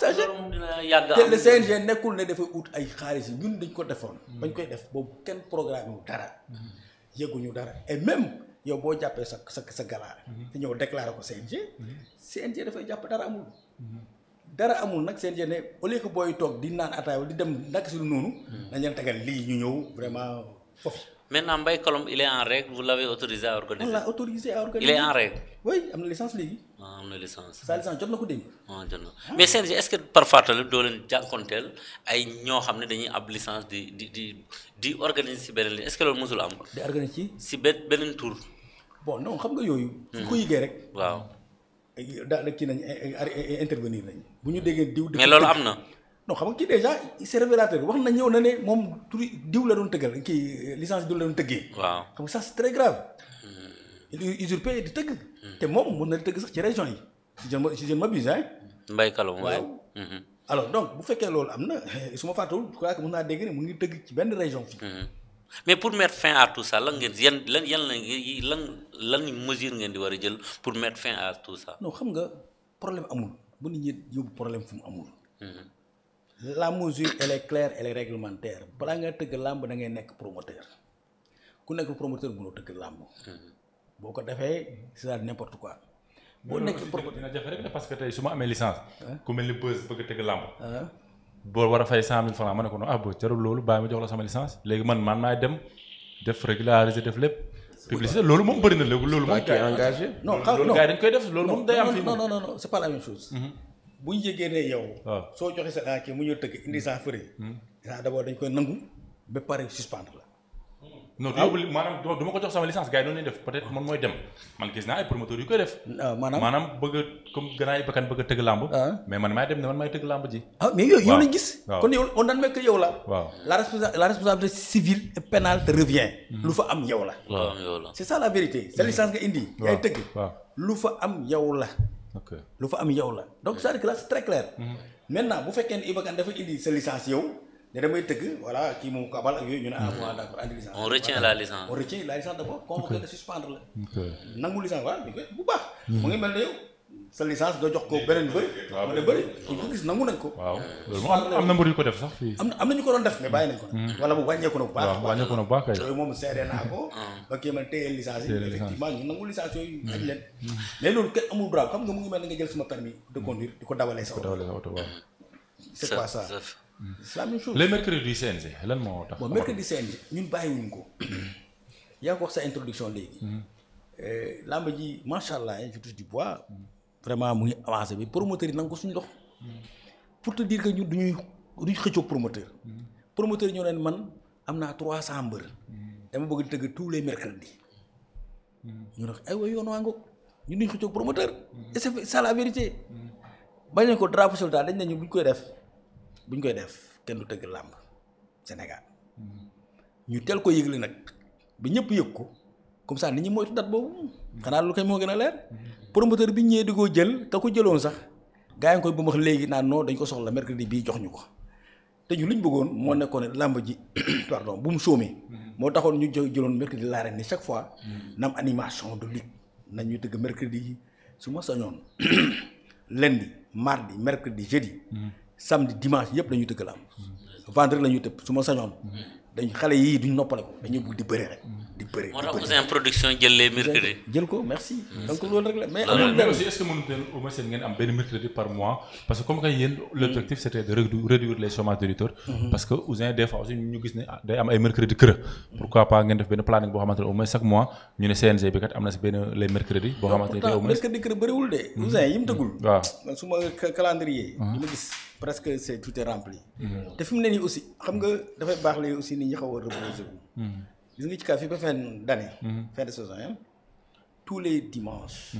passager te le CNG nekkul ne dafay ut ay xaalis yi ñun dañ ko defoon bañ koy def boobu kenn programme wu dara yëguñu dara ay même yow boo jàppee sa sa sa galaare mhm. te ñëw déclaré ko CNG mhm. CNG dafay jàpp dara amul mhm. dara amul nag CNG ne au lieu booy toog di naan ataay di dem nak si lu noonu dañ leen tegal lii ñu ñëw vraiment foofu maintenant Mbaye Colombe il est en règle vous l'avez autorisé à organiser. l'a autorisé à organiser il est en règle oui am na licence léegi Ah, am na licence. sa licence jot na ko dénk. Ah, waaw mais CNG est-ce parfois tamit doo leen jànkonteel ay ñoo xam ne dañuy ab licence di di di di si beneen est-ce que loolu mosul am. di organiser ci. si beneen tour. bon non xam nga yooyu. su hmm. ko yëgee rek. waaw. daanaka kii nañ eh, eh, eh, intervenir nañ. bu ñu déggee diw. mais loolu am na. non xam nga kii déjà c'est révélateur wax na ñëw na ne moom tur diw la doon tëggal kii licence diw la doon tëggee. waaw xam nga ça c'est très grave. Hmm. usurpé di tëgg. Hmm. te moom mun na tëgg sax ci région yi si je ne si je ne m'abuse hein. Kalom waaw hmm. alors donc bu fekkee loolu am na su ma fàttewul je crois que mun naa dégg ne mu ngi tëgg ci benn région fii. Hmm. mais pour mettre fin à tout sax lan ngeen yan lan yan lan lan mesure ngeen di war a jël pour mettre fin à tout ça. non xam nga problème amul bu nit ñi yóbbu problème fu mu amul. la mesure elle est claire elle réglementaire balaa nga tëgg làmb da ngay nekk promoteur ku nekk promoteur mënoo tëgg làmb. boo ko defee c'est n'importe quoi. boo nekkee promoteur dina jafe rek parce que tey su ma amee licence. ku mel ni bës bëgg tëgg làmb. boo war a fay cent mille francs ma ne ko non ah, loolu bàyyi ma jox la sama licence man man maay dem def régulariser def lépp. publicité loolu moom bëri na léegi loolu. moom kay engagé. non xam loolu gars yi dañ koy def loolu moom day c'est pas la même chose. Mhm. bu ñu yëgee ne yow. soo joxee sa daa ah, kii mu ñëw tëgg indi sans frais. daa d'abord dañ koy nangu ba pare suspendre la. non ah maanaam du ma ko jox sama licence gars yi noonu def peut man mooy dem man gis naa ay promoteur yu koy def. Ah, maanaam maanaam bëgg a comme gannaaw yi bakkan bëgg a tëgg làmb. Ah. mais man maay dem ne man maay tëgg làmb ji. mais yow yow gis. kon yow on daan mekk yow la. la responsabilité la responsabilité civile et pénale te revient. Mm-hmm. lu fa am yow la. waaw c'est ça la vérité. sa mm-hmm. licence nga indi. waaw yaay tëgg. lu fa am yow la. ok lu fa am yow la donc sa à dire que là c'est très clair. Mm-hmm. maintenant bu fekkee ne Iba Kane sa licence ne damay tëgg voilà kii moom ko abal ak yooyu ñu ne ah bon la licence on retient la la suspendre la. nangu licence waaw ñu hmm. ne sa licence doo jox ko beneen bëri. waaw mu ne bëri kii ko gis ko. waaw na mbir yu sax fii. am na am ko doon def mais bàyyi nañ ko nag. Hmm. wala bu wàññeeku na bu baax. waaw wàññeeku na bu baax kay. yooyu moom seede naa ko. Hmm. ba kii man téye licence yi. sa oto. c'est c'est la même chose le mercredi CNG lan moo tax. bon mercredi CNG ñun bàyyiwuñ ko. yaa ko wax sa introduction léegi. Euh, làmb ji macha allah je touche du bois. vraiment mu ngi avancé bi promoteur yi nangu ko suñu lox pour te dire que ñun duñuy duñu xëccoog promoteur. promoteur ñoo leen man am naa trois cent mbër. dama bëgg tëgg tous les mercredis. ñu ne yoon waa ñu duñu xëccoog promoteur. et c'est ça la vérité. bañ nañ ko drapeau soldat dañ nañu buñ koy def. ñu koy def kenn du tëgg làmb Sénégal ñu teel ko yëgle nag ba ñëpp yëg ko comme ça nit ñi moytu date boobu xanaa lu koy moo gën a leer promoteur bi ñëwee di ko jël te ko jëloon sax gaa yi nga koy ba léegi naan noo dañ ko soxla mercredi bii jox ñu ko te ñu li ñu bëggoon moo nekkoon làmb ji pardon bu mu soomee moo taxoon ñu jëloon mercredi laare ni chaque fois nam animation de lutte nañ ñu tëgg mercredi yi su ma sañoon lundi mardi mercredi jeudi samedi dimanche yëpp dañuy tëgg làmb vendredi la ñuy tëb su ma sañoon dañ xale yii duñ noppale ko dañuy bugg di bëre rek di bëre moo tax Ouzin production jël les mercredi jël ko merci mm. donc am ay mercredi kër pourquoi pas ngeen def benn planning boo xamante ne au chaque mois ñu ne CNG bi kat am na si benn les mercredi boo xamante mercredi kër bëriwul de Ouzin yi tëggul mm-hmm. waaw su ma calendrier yi mm-hmm. ma gis presque c' est tout est rempli. Mhm. te fi mu ne aussi xam nga dafay baax léegi aussi ni ñi xaw a reposer wu. Mhm. gis nga ci kaa fii ba fin d' mhm. fin de saison yam tous les dimanches.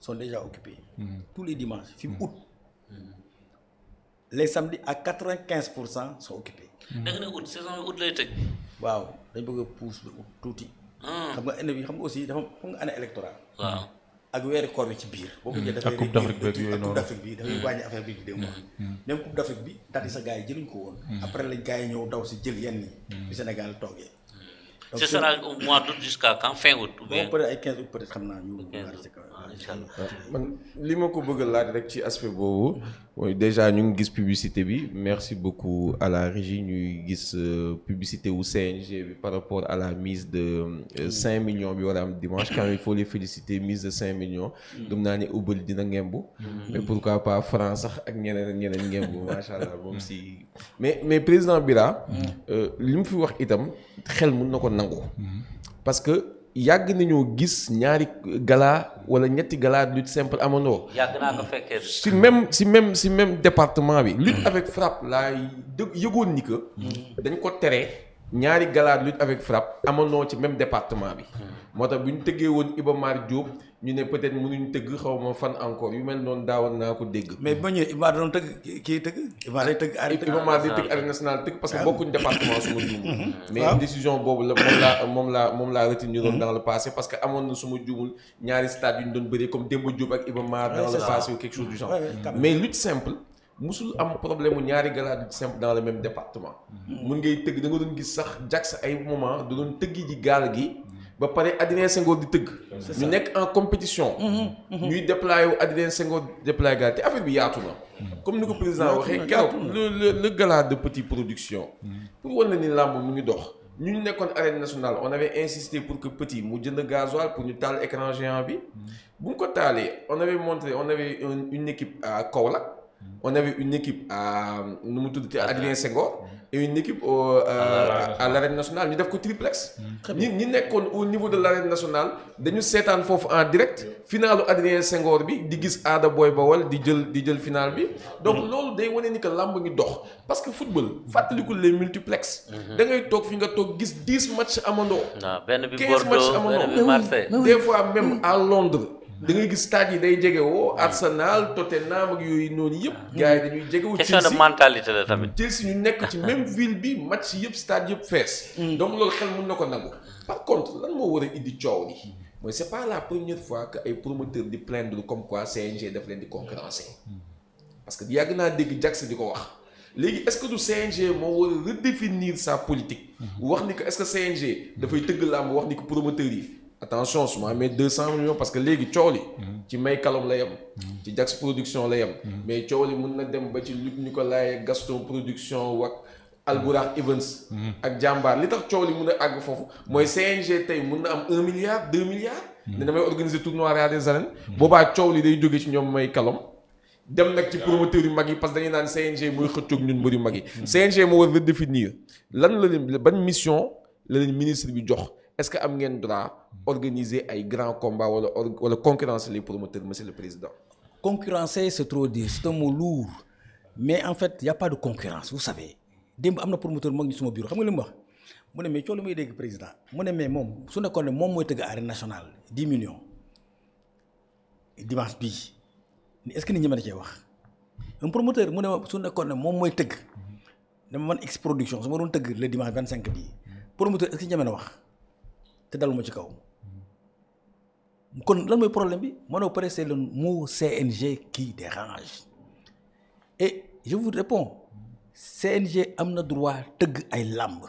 sont déjà occupés. tous les dimanches fi mu août. les samedis quatre vingt quinze pour cent sont occupés. da nga ne août saison août lay tëj. waaw dañ bëgg a pousse tuuti. Ah. xam nga année xam nga aussi dafa waaw. ak weeri koor bi ci biir. boo ko mm-hmm. dafay coupe d'Afrique beeg yooyu noonu coupe d'Afrique bi dafay mm-hmm. wàññi affaire bi di démb. Mm-hmm. même coupe d'Afrique bi dati sa gars yi jëluñ ko woon. après lañ gars yi ñëw daw si jël yenn yi. bi Sénégal toogee. donc ce sera au mois d'août jusqu'à fin août. ou bien ay 15 août peut-être xam naa ñu. 15 août allah li ma ko bëgg laaj rek ci aspect boobu mooy déjà ñu ngi gis publicité bi merci beaucoup à la régie ñuy gis euh, publicité wu CNG bi par rapport à la mise de 5 euh, millions bi war a am dimanche quand il faut les féliciter mise de 5 millions. dum naa ne ubbali dina ngembu. mais pourquoi pas France sax ak ñeneen ak ñeneen ngembu macha allah moom si. mais mais président Bira. Mm. Euh, li mu fi wax itam xel mun na ko nangu. Mm. parce yàgg nañoo gis ñaari gala wala ñetti gala lutte simple amandoo. yàgg naa ko fekkee. si même si même si même département bi. lutte avec frappe laay dë yëgoon ni que. Mm. dañ ko tere. ñaari galaat lutte avec frappe amoon ci même département bi. moo tax bu ñu tëggee woon Iba Mar Diop ñu ne peut-être mënuñu tëgg xaw ma fan encore yu mel noonu daawoon naa ko dégg. mais ba ñëwee Iba doon tëgg kii tëgg. Iba tëgg arène nationale tëgg parce que ah. bokkuñ département su ma juumul. Mhm. mais décision boobu la moom laa moom laa moom laa retenu doon mhm. dans le passé parce que amoon na su ma juumul ñaari stade yu ñu doon bëree comme Demba Diop ak Iba Mar. dans le passé ou musul am problème mu ñaari galaat simple dans le même département. Mhm. mun ngay tëgg da nga doon gis sax jag sa ay moment da doon tëggi ji gaal gi. ba pare Adrien Senghor di tëgg. ñu nekk en compétition. Mhm, mhm. ñuy déployer wu Adrien Senghor déployer gaal te affaire bi yaatu na. comme ni ko président waxee keroog le le le gala de petite production. pour wane ni làmb mu ngi dox. ñu ñu nekkoon arène nationale on avait insisté pour que petit mu jënd gasoil pour ñu taal écran géant bi. bu ko taalee on avait montré on on avait une équipe à nu mu tudd Adrien Senghor mm-hmm. et une équipe au euh, à l'arène nationale ñu def ko triplex mm-hmm. ñi ñi nekkoon au niveau de l'arène nationale dañu seetaan foofu en direct finalu Adrien Senghor bi di gis aada booy bawal di jël di jël final bi donc mm-hmm. loolu day wane ni que làmb ngi dox parce que football fàttalikul les multiplex da ngay toog fi nga toog gis dix matchs amandoo quinze matchs amandoo des fois même à Londres da ngay gis stade yi day jegewoo Arsenal Tottenham ak yooyu noonu yëpp. gars dañuy jegewoo Chelsea question de mentalité la tamit. Chelsea ñu nekk ci même ville bi match yëpp stade yëpp fees. Mm. donc loolu xel mën na ko nangu. par contre lan moo war a indi coow li mooy c'est pas la première fois que ay promoteur di plaindre comme quoi CNG daf leen di concurrencer. Mm. parce que yàgg naa dégg Jackson di ko wax. léegi est-ce du CNG moo war a redéfinir sa politique. Mm-hmm. wax ni que est-ce dafay tëgg làmb wax ni que promoteurs yi. attention su ma amee deux cent millions parce que léegi coow li ci may kalom la yem ci Jax production la yem mais coow li mun na dem ba ci Luc Nicolaï Gaston production wak Albourakh Events ak jàmbaar li tax coow li mun a àgg foofu mooy CNG tey mun na am un milliard deux milliards ne damay organiser tournoi Roi des Arènes boobaa coow li day jóge ci ñoom may kalom dem nag ci promoteur yu mag yi parce que dañuy naan CNG mooy xëccoog ñun mbër yu mag y CNG moo war redéfinir lan la leen ban mission la leen ministre bi jox est-ce que am ngeen droit organiser ay grands combats wala wala concurrencer les promoteurs monsieur le président. concurrencer c'est trop dire c'est un mot lourd mais en fait y a pas de concurrence vous savez démb am na promoteur mag ñu suma bureau xam nga li wax mu dégg président mu mais moom su nekkoon ne moom mooy tëgg arène nationale dix millions dimanche bii est-ce que nit ñi mën na cee wax un promoteur mu ne su nekkoon ne moom mooy tëgg dama man ex production su ma doon tëgg le dimanche cinq bii promoteur est-ce que ñeme na wax. te daluma ci kaw kon lan mooy problème bi manoo pare c'est le mot CNG qui dérange et je vous réponds CNG am na droit tëgg ay làmb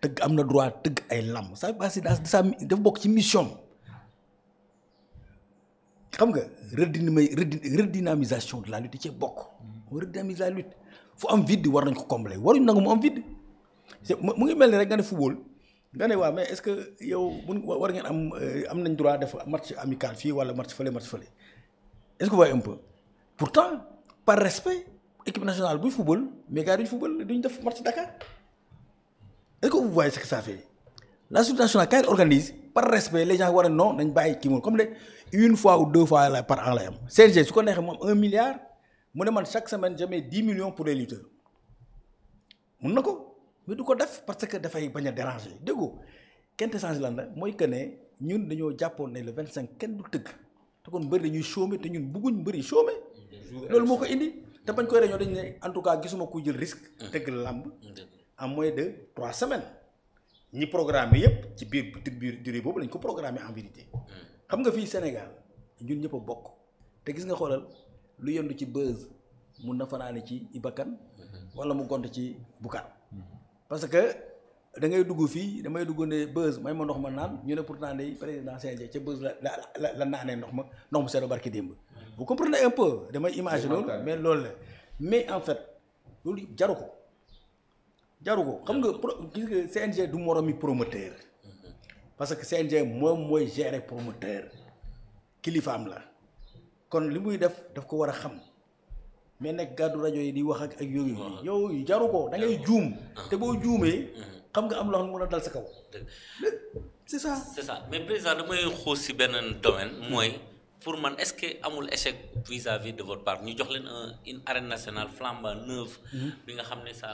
tëgg am na droit tëgg ay làmb ça va si sa dafa bokk ci mission xam nga redynami redynamisation de la lutte ci bokk redynamiser la lutte fu am vide war nañ ko combler waruñ nangu mu am vide mu ngi mel ni rek nga ne football nga ne waaw mais est-ce que yow mun war ngeen am euh, am nañ droit def match amical fii wala match fële match fële est-ce que vous voyez un pourtant par respect équipe nationale buy football mais gars yi duñ football duñ def match Dakar est-ce que vous voyez ce que ça fait la Société nationale quand organise par respect les gens war a non nañ bàyyi kii moom comme de une fois ou deux fois la par an lay am CNG su ko neexee moom un milliard mu ne man chaque semaine je mets dix millions pour mais du ko def parce que dafay bañ a déranger déggoo quintessence lan la mooy que ne ñun dañoo jàppoon ne le cinq kenn du tëgg te kon mbëri dañuy chômer te ñun bëgguñ mbëri chômer. loolu moo ko indi te bañ koy réunion dañu ne en tout cas gisuma ku jël risque. tëgg làmb en moins de trois semaines ñi programmé yëpp ci biir biir durée boobu lañ ko programmé en vérité. xam nga fii Sénégal ñun ñëpp bokk te gis nga xoolal lu yendu ci buzz mun na fanaane ci Ibakan mhm. wala mu ci Boucar. parce que da ngay dugg fii damay dugg ne bës may ma ndox ma naan ñu ne pourtant day président CNG ca bës la la la naanee ndox ma ndox mu seetlu barki démb. vous comprenez un peu damay image loolu mais loolu la mais en fait loolu jaru ko jaru ko xam nga pro gis nga CNG du moromi promoteur. parce que CNG moom mooy gérer promoteur kilifaam la kon li muy def daf ko war a xam. mais nag gàddu rajo yi di wax ak ak yooyu. yow jaru ko da ngay juum. Ah. te boo juumee. Mm-hmm. xam nga am loo xam ne mën a dal sa kaw. c'est ça c'est ça mais président damay xool si benn domaine mooy. pour man est-ce que amul échec vis-à-vis de votre part ñu jox leen une arène nationale flambant neuve. Mm-hmm. bi nga xam ne ça